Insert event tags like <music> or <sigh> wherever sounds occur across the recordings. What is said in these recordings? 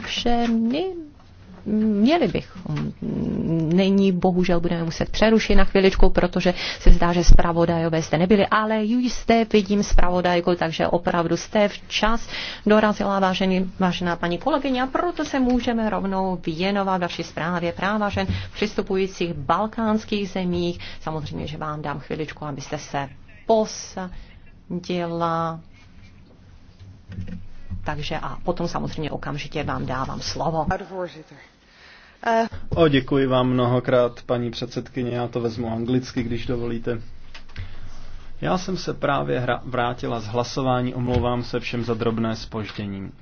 vše my měli bychom. Není, bohužel budeme muset přerušit na chviličku, protože se zdá, že zpravodajové jste nebyli, ale jste, vidím zpravodajku, takže opravdu jste včas dorazila, vážený, vážená paní kolegyně, a proto se můžeme rovnou věnovat vaší zprávě práva žen v přistupujících balkánských zemích. Samozřejmě, že vám dám chviličku, abyste se posadila takže a potom samozřejmě okamžitě vám dávám slovo. O, děkuji vám mnohokrát, paní předsedkyně, já to vezmu anglicky, když dovolíte. Já jsem se právě hra- vrátila z hlasování, omlouvám se všem za drobné spoždění.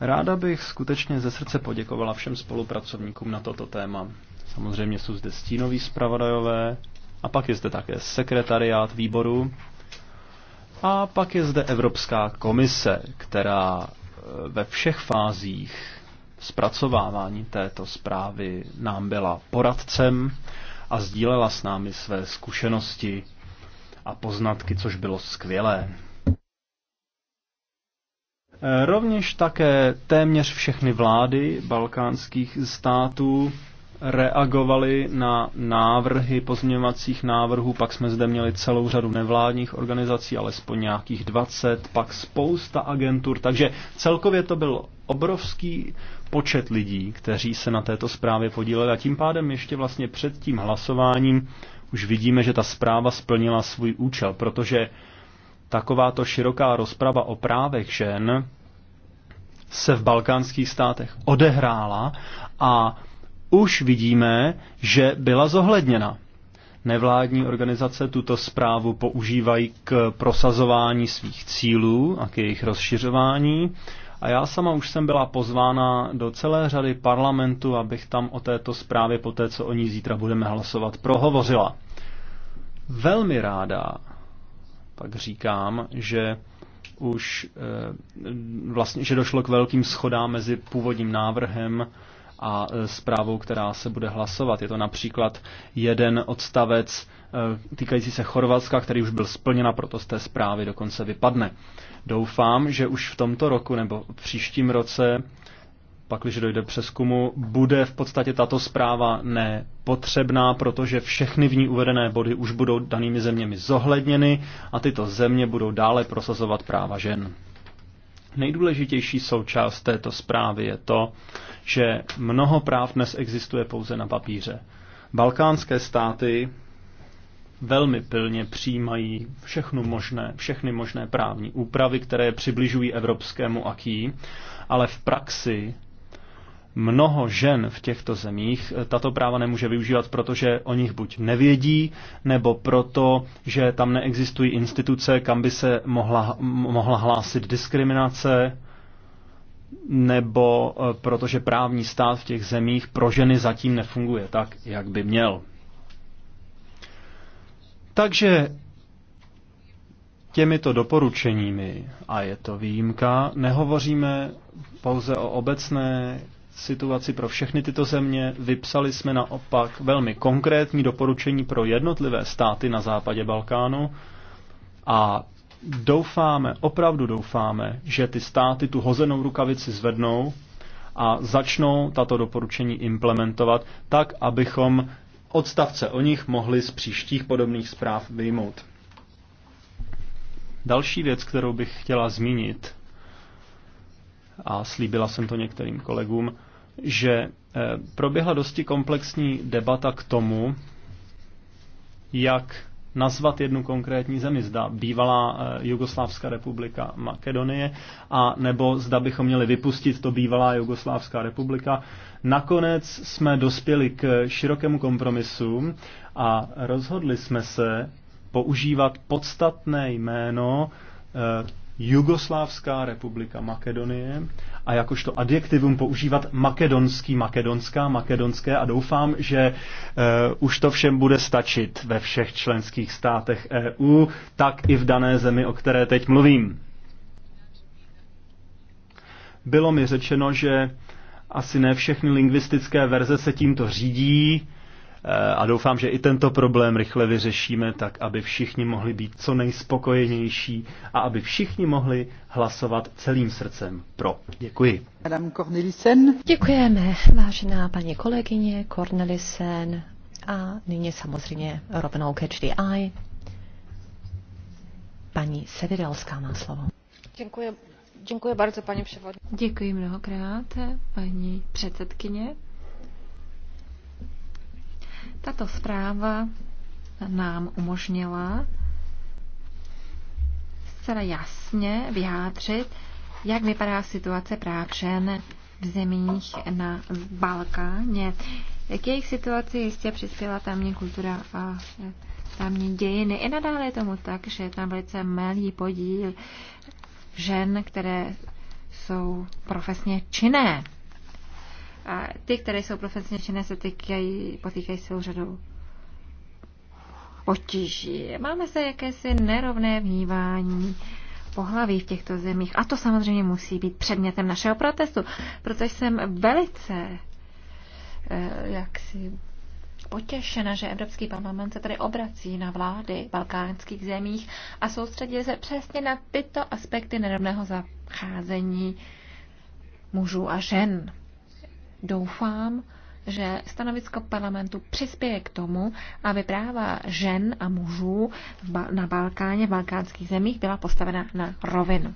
Ráda bych skutečně ze srdce poděkovala všem spolupracovníkům na toto téma. Samozřejmě jsou zde stínoví zpravodajové a pak je zde také sekretariát výboru, a pak je zde Evropská komise, která eh, ve všech fázích zpracovávání této zprávy nám byla poradcem a sdílela s námi své zkušenosti a poznatky, což bylo skvělé. Eh, rovněž také téměř všechny vlády balkánských států reagovali na návrhy pozměňovacích návrhů, pak jsme zde měli celou řadu nevládních organizací, alespoň nějakých 20, pak spousta agentur, takže celkově to byl obrovský počet lidí, kteří se na této zprávě podíleli a tím pádem ještě vlastně před tím hlasováním už vidíme, že ta zpráva splnila svůj účel, protože takováto široká rozprava o právech žen se v balkánských státech odehrála a už vidíme, že byla zohledněna. Nevládní organizace tuto zprávu používají k prosazování svých cílů a k jejich rozšiřování. A já sama už jsem byla pozvána do celé řady parlamentu, abych tam o této zprávě, po té, co o ní zítra budeme hlasovat, prohovořila. Velmi ráda pak říkám, že už eh, vlastně, že došlo k velkým schodám mezi původním návrhem a e, zprávou, která se bude hlasovat. Je to například jeden odstavec e, týkající se Chorvatska, který už byl splněn a proto z té zprávy dokonce vypadne. Doufám, že už v tomto roku nebo v příštím roce pak když dojde přeskumu, bude v podstatě tato zpráva nepotřebná, protože všechny v ní uvedené body už budou danými zeměmi zohledněny a tyto země budou dále prosazovat práva žen. Nejdůležitější součást této zprávy je to, že mnoho práv dnes existuje pouze na papíře. Balkánské státy velmi pilně přijímají možné, všechny možné právní úpravy, které přibližují evropskému aký, ale v praxi mnoho žen v těchto zemích eh, tato práva nemůže využívat, protože o nich buď nevědí, nebo proto, že tam neexistují instituce, kam by se mohla, mohla hlásit diskriminace, nebo eh, protože právní stát v těch zemích pro ženy zatím nefunguje tak, jak by měl. Takže těmito doporučeními, a je to výjimka, nehovoříme pouze o obecné situaci pro všechny tyto země, vypsali jsme naopak velmi konkrétní doporučení pro jednotlivé státy na západě Balkánu a doufáme, opravdu doufáme, že ty státy tu hozenou rukavici zvednou a začnou tato doporučení implementovat tak, abychom odstavce o nich mohli z příštích podobných zpráv vyjmout. Další věc, kterou bych chtěla zmínit, a slíbila jsem to některým kolegům, že eh, proběhla dosti komplexní debata k tomu, jak nazvat jednu konkrétní zemi, zda bývalá eh, Jugoslávská republika Makedonie, a nebo zda bychom měli vypustit to bývalá Jugoslávská republika. Nakonec jsme dospěli k širokému kompromisu a rozhodli jsme se používat podstatné jméno eh, Jugoslávská republika Makedonie a jakožto adjektivum používat makedonský, makedonská, makedonské a doufám, že e, už to všem bude stačit ve všech členských státech EU, tak i v dané zemi, o které teď mluvím. Bylo mi řečeno, že asi ne všechny lingvistické verze se tímto řídí, Eh, a doufám, že i tento problém rychle vyřešíme tak, aby všichni mohli být co nejspokojenější a aby všichni mohli hlasovat celým srdcem pro. Děkuji. Adam Cornelisen. Děkujeme, vážená paní kolegyně Cornelisen a nyní samozřejmě rovnou ke HDI. Paní Severelská má slovo. Děkuji. Děkuji bardzo, paní Děkuji mnohokrát, paní předsedkyně. Tato zpráva nám umožnila zcela jasně vyjádřit, jak vypadá situace práv žen v zemích na Balkáně. K jejich situaci jistě přispěla tamní kultura a tamní dějiny. I nadále je tomu tak, že je tam velice malý podíl žen, které jsou profesně činné a ty, které jsou profesně činné, se týkají, potýkají svou řadou potíží. Máme se jakési nerovné vnívání pohlaví v těchto zemích. A to samozřejmě musí být předmětem našeho protestu, protože jsem velice eh, jaksi potěšena, že Evropský parlament se tady obrací na vlády balkánských zemích a soustředí se přesně na tyto aspekty nerovného zacházení mužů a žen. Doufám, že stanovisko parlamentu přispěje k tomu, aby práva žen a mužů na Balkáně, v balkánských zemích byla postavena na rovinu.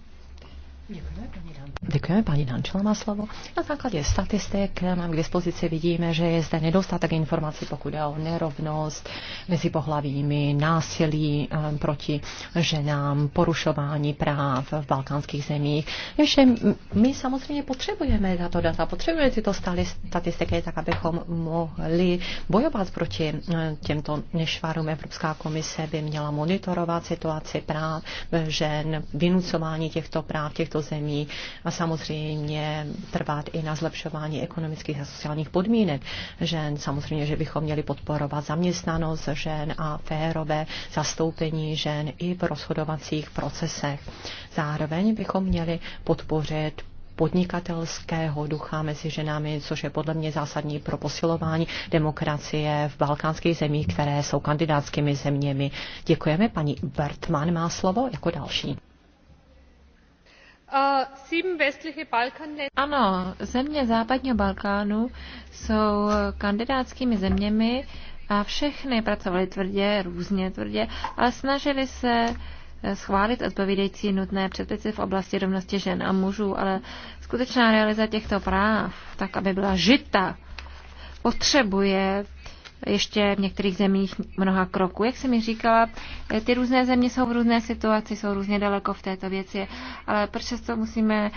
Děkujeme, paní Dan. Děkujeme, paní Dančela má slovo. Na základě statistik, mám k dispozici, vidíme, že je zde nedostatek informací, pokud je o nerovnost mezi pohlavími, násilí eh, proti ženám, porušování práv v balkánských zemích. Ještě my samozřejmě potřebujeme tato data, potřebujeme tyto statistiky, tak abychom mohli bojovat proti eh, těmto nešvarům. Evropská komise by měla monitorovat situaci práv žen, vynucování těchto práv, těchto zemí a samozřejmě trvat i na zlepšování ekonomických a sociálních podmínek žen. Samozřejmě, že bychom měli podporovat zaměstnanost žen a férové zastoupení žen i v rozhodovacích procesech. Zároveň bychom měli podpořit podnikatelského ducha mezi ženami, což je podle mě zásadní pro posilování demokracie v balkánských zemích, které jsou kandidátskými zeměmi. Děkujeme. Paní Bertman má slovo jako další. Äh, ano, země západního Balkánu jsou kandidátskými zeměmi a všechny pracovali tvrdě, různě tvrdě, ale snažili se eh, schválit odpovídající nutné předpisy v oblasti rovnosti žen a mužů, ale skutečná realiza těchto práv, tak aby byla žita, potřebuje ještě v některých zemích mnoha kroků. Jak jsem mi říkala, eh, ty různé země jsou v různé situaci, jsou různě daleko v této věci, ale to musíme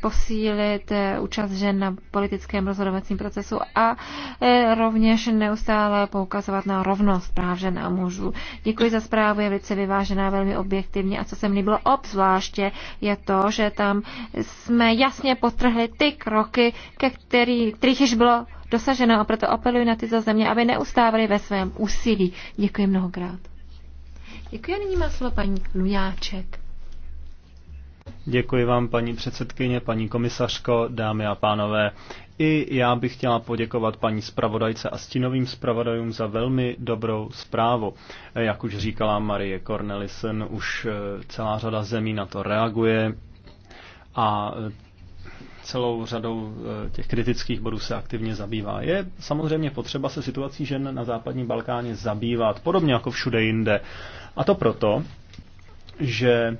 posílit eh, účast žen na politickém rozhodovacím procesu a eh, rovněž neustále poukazovat na rovnost práv žen a mužů. Děkuji za zprávu, je velice vyvážená, velmi objektivní a co se mi líbilo obzvláště je to, že tam jsme jasně potrhli ty kroky, ke který, kterých již bylo dosaženo a proto apeluji na tyto země, aby neustávali ve svém úsilí. Děkuji mnohokrát. Děkuji nyní má slovo paní Lujáček. Děkuji vám, paní předsedkyně, paní komisařko, dámy a pánové. I já bych chtěla poděkovat paní zpravodajce a stínovým zpravodajům za velmi dobrou zprávu. Jak už říkala Marie Cornelissen, už eh, celá řada zemí na to reaguje a celou řadou eh, těch kritických bodů se aktivně zabývá. Je samozřejmě potřeba se situací žen na západním Balkáně zabývat, podobně jako všude jinde. A to proto, že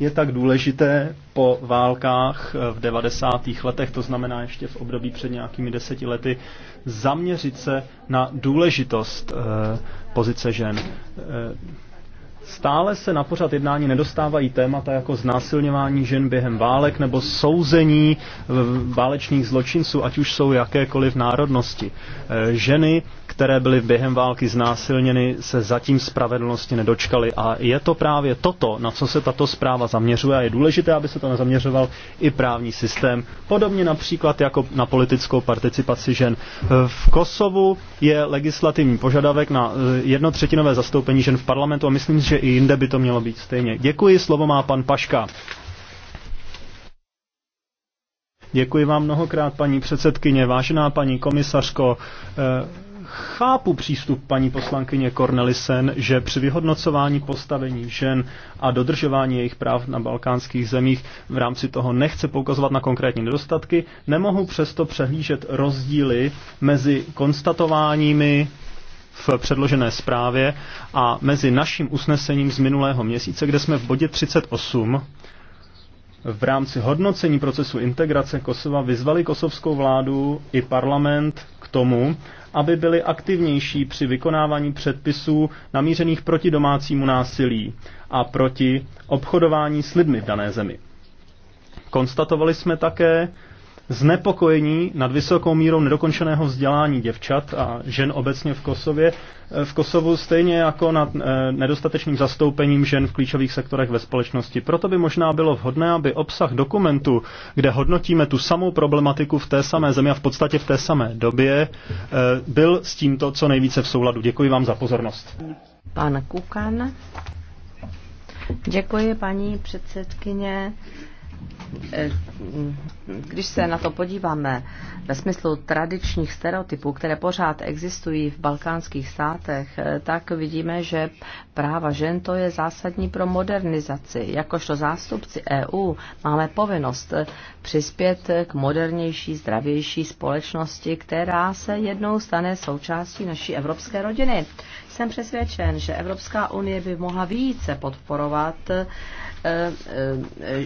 je tak důležité po válkách eh, v 90. letech, to znamená ještě v období před nějakými deseti lety, zaměřit se na důležitost eh, pozice žen Stále se na pořad jednání nedostávají témata jako znásilňování žen během válek nebo souzení válečných zločinců, ať už jsou jakékoliv národnosti. E, ženy, které byly během války znásilněny, se zatím spravedlnosti nedočkaly a je to právě toto, na co se tato zpráva zaměřuje a je důležité, aby se to nezaměřoval i právní systém. Podobně například jako na politickou participaci žen. V Kosovu je legislativní požadavek na e, jednotřetinové zastoupení žen v parlamentu a myslím, že i jinde by to mělo být stejně. Děkuji, slovo má pan Paška. Děkuji vám mnohokrát, paní předsedkyně, vážená paní komisařko. Eh, chápu přístup paní poslankyně Cornelisen, že při vyhodnocování postavení žen a dodržování jejich práv na balkánských zemích v rámci toho nechce poukazovat na konkrétní nedostatky, nemohu přesto přehlížet rozdíly mezi konstatováními v předložené zprávě a mezi naším usnesením z minulého měsíce, kde jsme v bodě 38 v rámci hodnocení procesu integrace Kosova vyzvali kosovskou vládu i parlament k tomu, aby byli aktivnější při vykonávání předpisů namířených proti domácímu násilí a proti obchodování s lidmi v dané zemi. Konstatovali jsme také, znepokojení nad vysokou mírou nedokončeného vzdělání děvčat a žen obecně v Kosově, eh, v Kosovu stejně jako nad eh, nedostatečným zastoupením žen v klíčových sektorech ve společnosti. Proto by možná bylo vhodné, aby obsah dokumentu, kde hodnotíme tu samou problematiku v té samé zemi a v podstatě v té samé době, eh, byl s tímto co nejvíce v souladu. Děkuji vám za pozornost. Pan Kukan. Děkuji, paní předsedkyně. Eh, když se na to podíváme ve smyslu tradičních stereotypů, které pořád existují v balkánských státech, eh, tak vidíme, že práva žen to je zásadní pro modernizaci. Jakožto zástupci EU máme povinnost eh, přispět k modernější, zdravější společnosti, která se jednou stane součástí naší evropské rodiny. Jsem přesvědčen, že Evropská unie by mohla více podporovat eh, eh,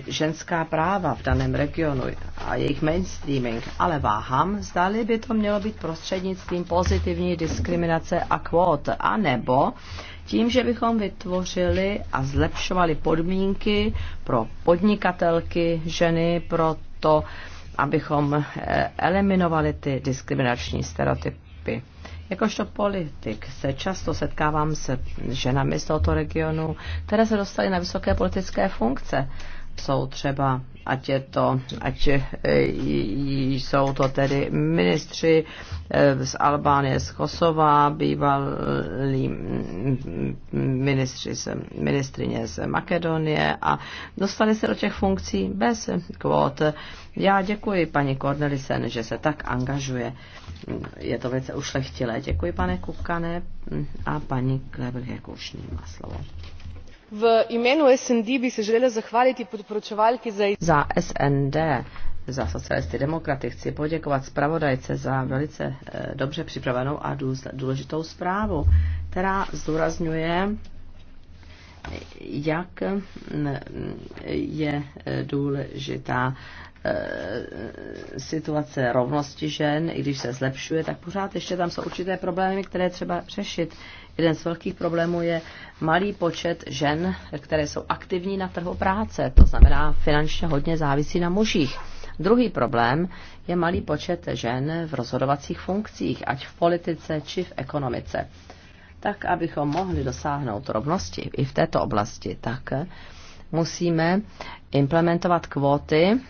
ženská práva v daném regionu a jejich mainstreaming, ale váhám, zdali by to mělo být prostřednictvím pozitivní diskriminace a kvót, anebo tím, že bychom vytvořili a zlepšovali podmínky pro podnikatelky, ženy, pro to, abychom eh, eliminovali ty diskriminační stereotypy. Jakožto politik se často setkávám se ženami z tohoto regionu, které se dostaly na vysoké politické funkce. Jsou třeba, ať je to, ať e, jsou to tedy ministři e, z Albánie, z Kosova, bývalý ministři z, ministrině z Makedonie a dostali se do těch funkcí bez kvót. Já děkuji paní Kornelisen, že se tak angažuje. Je to velice ušlechtilé. Děkuji, pane Kukane a paní Kleberhek Kušní má slovo v imenu SND by se želela zahvaliti podporučovalky za. za snd za socialisty demokraty chci poděkovat zpravodajce za velice eh, dobře připravenou a důležitou zprávu, která zdůrazňuje jak mm, je eh, důležitá eh, situace rovnosti žen, i když se zlepšuje, tak pořád ještě tam jsou určité problémy, které třeba řešit. Jeden z velkých problémů je malý počet žen, které jsou aktivní na trhu práce, to znamená finančně hodně závisí na mužích. Druhý problém je malý počet žen v rozhodovacích funkcích, ať v politice či v ekonomice. Tak, abychom mohli dosáhnout rovnosti i v této oblasti, tak musíme implementovat kvóty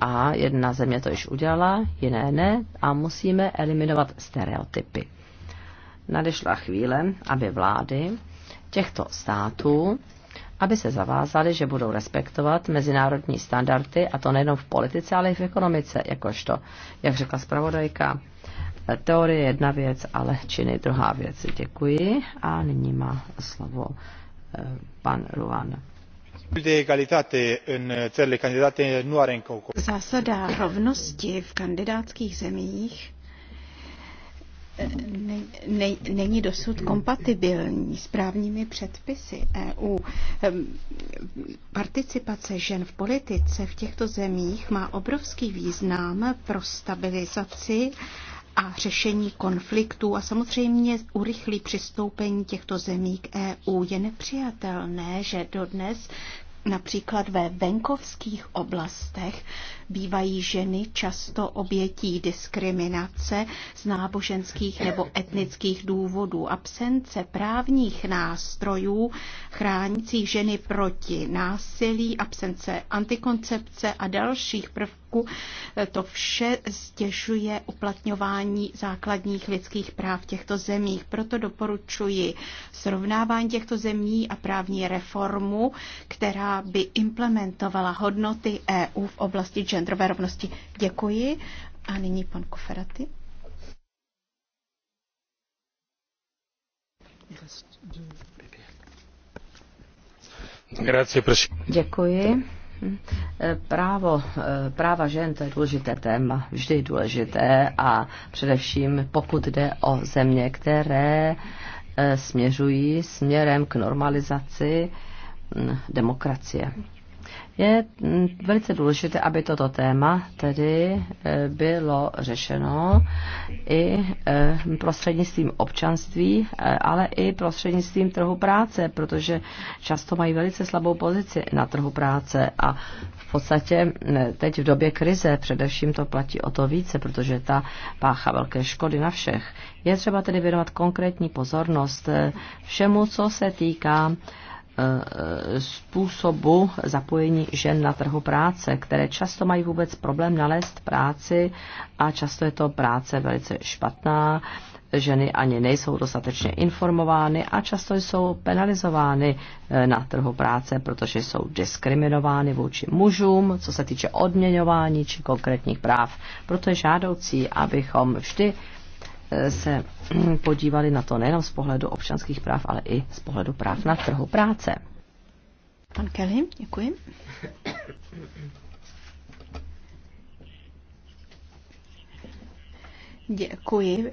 a jedna země to již udělala, jiné ne a musíme eliminovat stereotypy. Nadešla chvíle, aby vlády těchto států aby se zavázali, že budou respektovat mezinárodní standardy, a to nejenom v politice, ale i v ekonomice, jakožto, jak řekla zpravodajka. Teorie je jedna věc, ale činy druhá věc. Děkuji a nyní má slovo eh, pan Ruan. Zásada rovnosti v kandidátských zemích ne, ne, není dosud kompatibilní s právními předpisy EU. Ehm, participace žen v politice v těchto zemích má obrovský význam pro stabilizaci a řešení konfliktů a samozřejmě urychlí přistoupení těchto zemí k EU. Je nepřijatelné, že dodnes Například ve venkovských oblastech bývají ženy často obětí diskriminace z náboženských nebo etnických důvodů. Absence právních nástrojů chránících ženy proti násilí, absence antikoncepce a dalších prvků roku. To vše stěžuje uplatňování základních lidských práv v těchto zemích. Proto doporučuji srovnávání těchto zemí a právní reformu, která by implementovala hodnoty EU v oblasti genderové rovnosti. Děkuji. A nyní pan Koferaty. Děkuji. Právo, eh, práva žen, to je důležité téma, vždy důležité a především pokud jde o země, které eh, směřují směrem k normalizaci hm, demokracie. Je mm, velice důležité, aby toto téma tedy eh, bylo řešeno i eh, prostřednictvím občanství, eh, ale i prostřednictvím trhu práce, protože často mají velice slabou pozici na trhu práce a v podstatě mm, teď v době krize především to platí o to více, protože ta pácha velké škody na všech. Je třeba tedy věnovat konkrétní pozornost všemu, co se týká způsobu zapojení žen na trhu práce, které často mají vůbec problém nalézt práci a často je to práce velice špatná. Ženy ani nejsou dostatečně informovány a často jsou penalizovány eh, na trhu práce, protože jsou diskriminovány vůči mužům, co se týče odměňování či konkrétních práv. Proto je žádoucí, abychom vždy se <clears throat> podívali na to nejenom z pohledu občanských práv, ale i z pohledu práv na trhu práce. Pan Kelly, děkuji. Děkuji,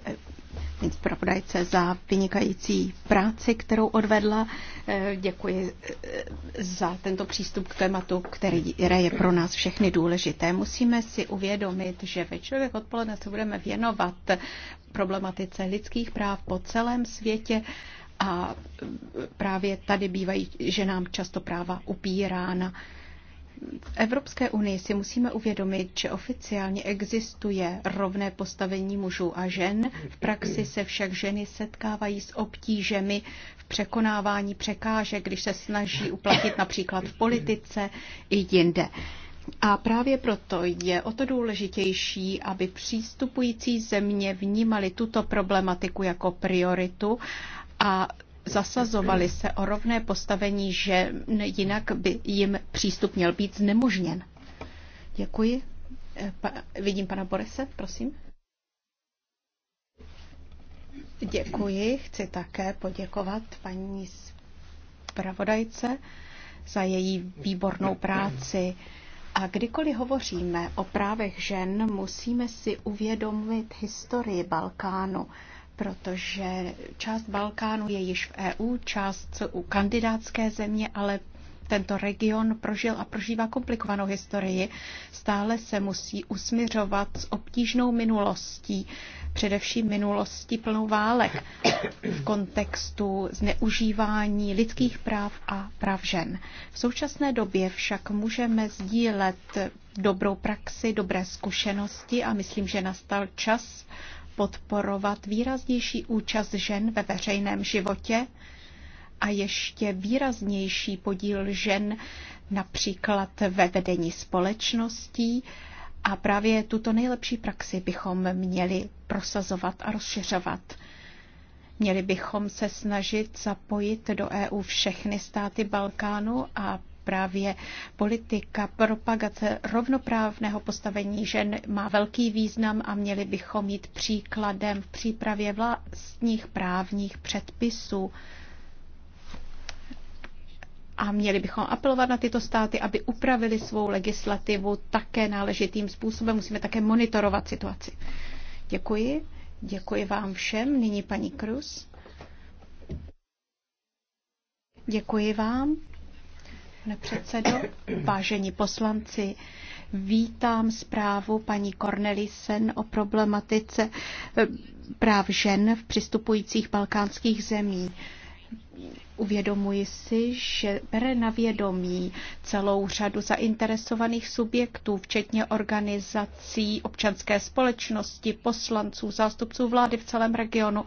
zpravodajce za vynikající práci, kterou odvedla. Eh, děkuji eh, za tento přístup k tématu, který je pro nás všechny důležité. Musíme si uvědomit, že ve člověk odpoledne se budeme věnovat problematice lidských práv po celém světě a eh, právě tady bývají, že nám často práva upírána. V Evropské unii si musíme uvědomit, že oficiálně existuje rovné postavení mužů a žen. V praxi se však ženy setkávají s obtížemi v překonávání překážek, když se snaží uplatit například v politice i jinde. A právě proto je o to důležitější, aby přístupující země vnímali tuto problematiku jako prioritu a zasazovali se o rovné postavení že jinak by jim přístup měl být znemožněn. Děkuji. Eh, pa, vidím pana Borese, prosím. Děkuji. Chci také poděkovat paní zpravodajce za její výbornou práci. A kdykoliv hovoříme o právech žen, musíme si uvědomit historii Balkánu protože část Balkánu je již v EU, část u kandidátské země, ale tento region prožil a prožívá komplikovanou historii, stále se musí usmiřovat s obtížnou minulostí, především minulostí plnou válek v kontextu zneužívání lidských práv a práv žen. V současné době však můžeme sdílet dobrou praxi, dobré zkušenosti a myslím, že nastal čas podporovat výraznější účast žen ve veřejném životě a ještě výraznější podíl žen například ve vedení společností. A právě tuto nejlepší praxi bychom měli prosazovat a rozšiřovat. Měli bychom se snažit zapojit do EU všechny státy Balkánu a právě politika propagace rovnoprávného postavení žen má velký význam a měli bychom jít příkladem v přípravě vlastních právních předpisů. A měli bychom apelovat na tyto státy, aby upravili svou legislativu také náležitým způsobem. Musíme také monitorovat situaci. Děkuji. Děkuji vám všem. Nyní paní Krus. Děkuji vám pane předsedo, vážení poslanci. Vítám zprávu paní Cornelisen o problematice eh, práv žen v přistupujících balkánských zemí. Uvědomuji si, že bere na vědomí celou řadu zainteresovaných subjektů, včetně organizací občanské společnosti, poslanců, zástupců vlády v celém regionu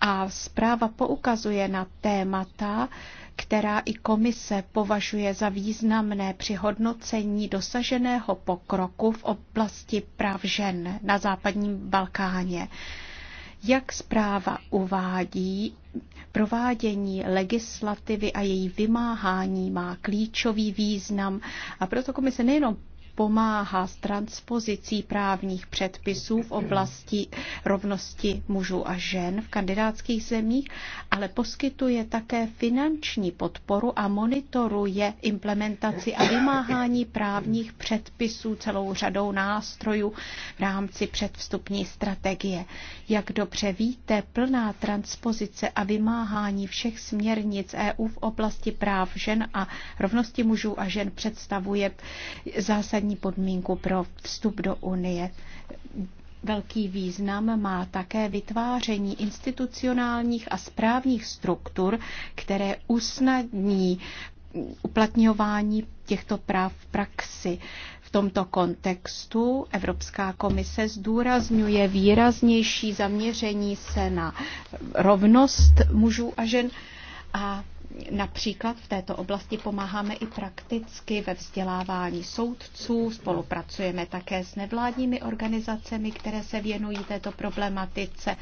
a zpráva poukazuje na témata, která i komise považuje za významné při hodnocení dosaženého pokroku v oblasti práv žen na západním Balkáně. Jak zpráva uvádí, provádění legislativy a její vymáhání má klíčový význam a proto komise nejenom pomáhá s transpozicí právních předpisů v oblasti rovnosti mužů a žen v kandidátských zemích, ale poskytuje také finanční podporu a monitoruje implementaci a vymáhání právních předpisů celou řadou nástrojů v rámci předvstupní strategie. Jak dobře víte, plná transpozice a vymáhání všech směrnic EU v oblasti práv žen a rovnosti mužů a žen představuje zásadní základní podmínku pro vstup do Unie. Velký význam má také vytváření institucionálních a správních struktur, které usnadní uplatňování těchto práv v praxi. V tomto kontextu Evropská komise zdůrazňuje výraznější zaměření se na rovnost mužů a žen a Například v této oblasti pomáháme i prakticky ve vzdělávání soudců, spolupracujeme také s nevládními organizacemi, které se věnují této problematice.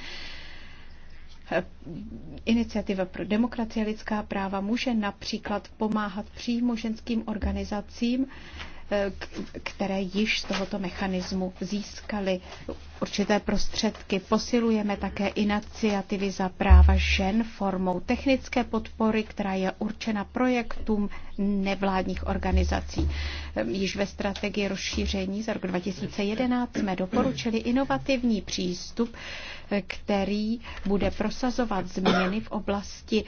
Iniciativa pro demokracie a lidská práva může například pomáhat přímo ženským organizacím Eh, které již z tohoto mechanismu získaly určité prostředky. Posilujeme také iniciativy za práva žen formou technické podpory, která je určena projektům nevládních organizací. Ehm, již ve strategii rozšíření za rok 2011 jsme doporučili inovativní přístup který bude prosazovat změny v oblasti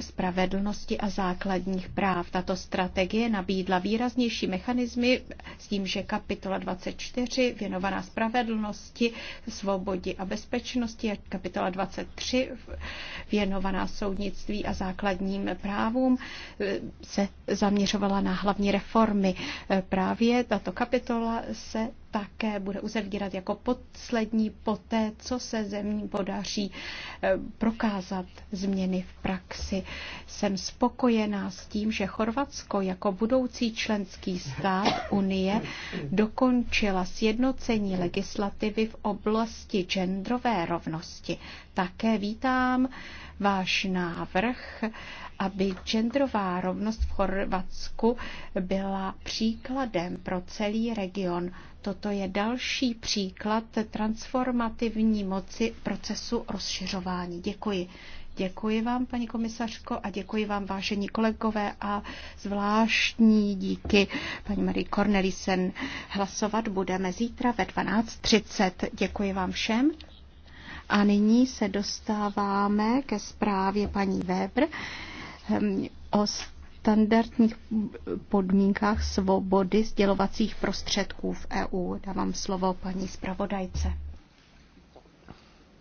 spravedlnosti a základních práv. Tato strategie nabídla výraznější mechanismy s tím, že kapitola 24 věnovaná spravedlnosti, svobodě a bezpečnosti a kapitola 23 věnovaná soudnictví a základním právům se zaměřovala na hlavní reformy. Právě tato kapitola se také bude uzavírat jako poslední poté, co se zemí podaří eh, prokázat změny v praxi. Jsem spokojená s tím, že Chorvatsko jako budoucí členský stát Unie dokončila sjednocení legislativy v oblasti genderové rovnosti. Také vítám váš návrh, aby genderová rovnost v Chorvatsku byla příkladem pro celý region. Toto je další příklad transformativní moci procesu rozšiřování. Děkuji. Děkuji vám, paní komisařko, a děkuji vám, vážení kolegové, a zvláštní díky paní Marie Cornelisen. Hlasovat budeme zítra ve 12.30. Děkuji vám všem. A nyní se dostáváme ke zprávě paní Weber ehm, o standardních podmínkách svobody sdělovacích prostředků v EU. Dávám slovo paní zpravodajce.